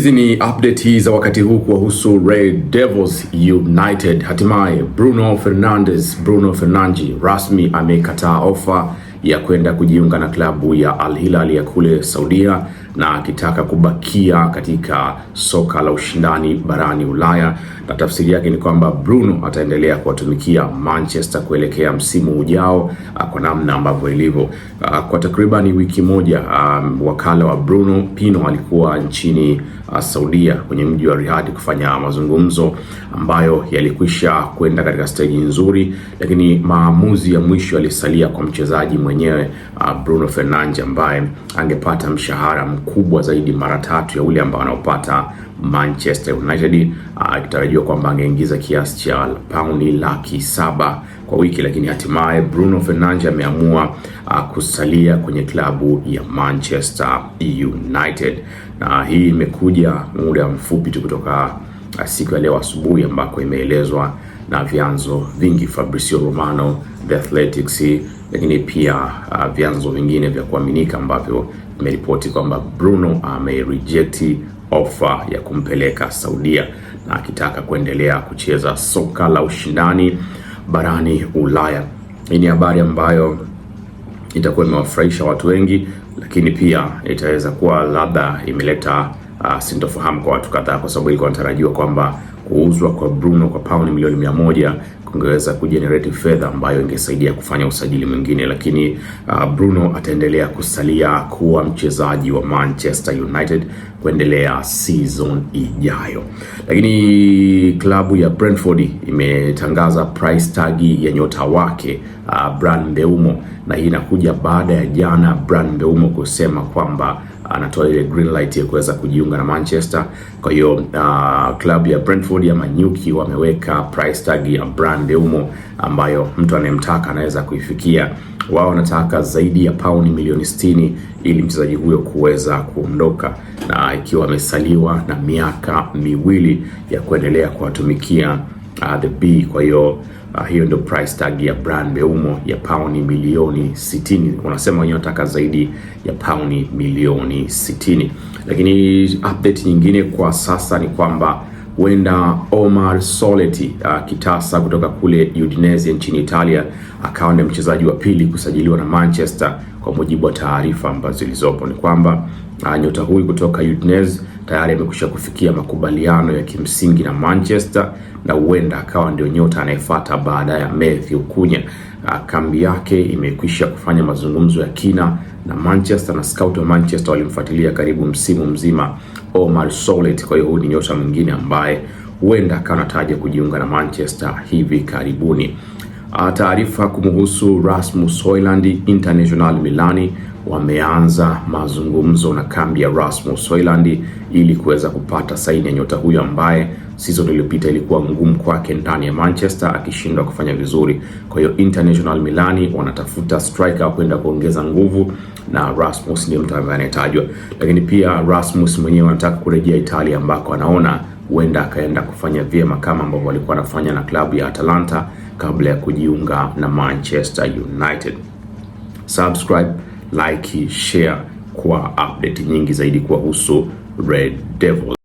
Hizi ni update hii za wakati huu kuwahusu Red Devils United. Hatimaye Bruno Fernandes, Bruno Fernanji rasmi amekataa ofa ya kwenda kujiunga na klabu ya Al Hilal ya kule Saudia na akitaka kubakia katika soka la ushindani barani Ulaya, na tafsiri yake ni kwamba Bruno ataendelea kuwatumikia Manchester kuelekea msimu ujao ah, kwa namna ambavyo ilivyo. Ah, kwa takriban wiki moja, um, wakala wa Bruno Pino alikuwa nchini ah, Saudia kwenye mji wa Riyadh kufanya mazungumzo ambayo yalikwisha kwenda katika steji nzuri, lakini maamuzi ya mwisho yalisalia kwa mchezaji mwenyewe Bruno Fernandes ambaye angepata mshahara mkubwa zaidi mara tatu ya ule ambao anaopata Manchester United, akitarajiwa ah, kwamba angeingiza kiasi cha pauni laki saba kwa wiki, lakini hatimaye Bruno Fernandes ameamua ah, kusalia kwenye klabu ya Manchester United, na hii imekuja muda mfupi tu kutoka ah, siku ya leo asubuhi ambako imeelezwa na vyanzo vingi, Fabrizio Romano, The Athletics, lakini pia uh, vyanzo vingine vya kuaminika ambavyo vimeripoti kwamba Bruno amereject ofa ya kumpeleka Saudia na akitaka kuendelea kucheza soka la ushindani barani Ulaya. Hii ni habari ambayo itakuwa imewafurahisha watu wengi, lakini pia itaweza kuwa labda imeleta uh, sintofahamu kwa watu kadhaa, kwa sababu ilikuwa natarajiwa kwamba kuuzwa kwa Bruno kwa pauni milioni mia moja kungeweza kujenerate fedha ambayo ingesaidia kufanya usajili mwingine, lakini uh, Bruno ataendelea kusalia kuwa mchezaji wa Manchester United kuendelea season ijayo. Lakini klabu ya Brentford imetangaza price tag ya nyota wake uh, ah, Bryan Mbeumo, na hii inakuja baada ya jana Bryan Mbeumo kusema kwamba anatoa ile green light ya kuweza kujiunga na Manchester. Kwa hiyo uh, klabu ya Brentford ya Manyuki wameweka price tag ya brand humo ambayo mtu anayemtaka anaweza kuifikia. Wao wanataka zaidi ya pauni milioni 60 ili mchezaji huyo kuweza kuondoka, na ikiwa amesaliwa na miaka miwili ya kuendelea kuwatumikia uh, the B. Kwa hiyo uh, hiyo ndio price tag ya brand Beumo ya pauni milioni 60. Wanasema wenyewe wanataka zaidi ya pauni milioni 60, lakini update nyingine kwa sasa ni kwamba huenda Omar Soleti uh, kitasa kutoka kule Udinese nchini Italia akawa ndiye mchezaji wa pili kusajiliwa na Manchester. Kwa mujibu wa taarifa ambazo zilizopo ni kwamba uh, nyota huyu kutoka Udinese tayari amekwisha kufikia makubaliano ya kimsingi na Manchester na huenda akawa ndio nyota anayefuata baada ya Matthew Cunha. Ah, kambi yake imekwisha kufanya mazungumzo ya kina na Manchester na scout wa Manchester walimfuatilia karibu msimu mzima Omar Solet. Kwa hiyo huyu ni nyota mwingine ambaye huenda akawa anataja kujiunga na Manchester hivi karibuni. Ah, taarifa kumhusu Rasmus Hojlund. International Milani wameanza mazungumzo na kambi ya Rasmus Hojlund ili kuweza kupata saini ya nyota huyo ambaye season iliyopita ilikuwa ngumu kwake ndani ya Manchester akishindwa kufanya vizuri. Kwa hiyo International Milani wanatafuta striker kwenda kuongeza nguvu na Rasmus ndiye mtu ambaye anayetajwa, lakini pia Rasmus mwenyewe anataka kurejea Italia ambako anaona huenda akaenda kufanya vyema kama ambavyo walikuwa wanafanya na klabu ya Atalanta kabla ya kujiunga na Manchester United. Subscribe, like, share kwa update nyingi zaidi kuwahusu Red Devils.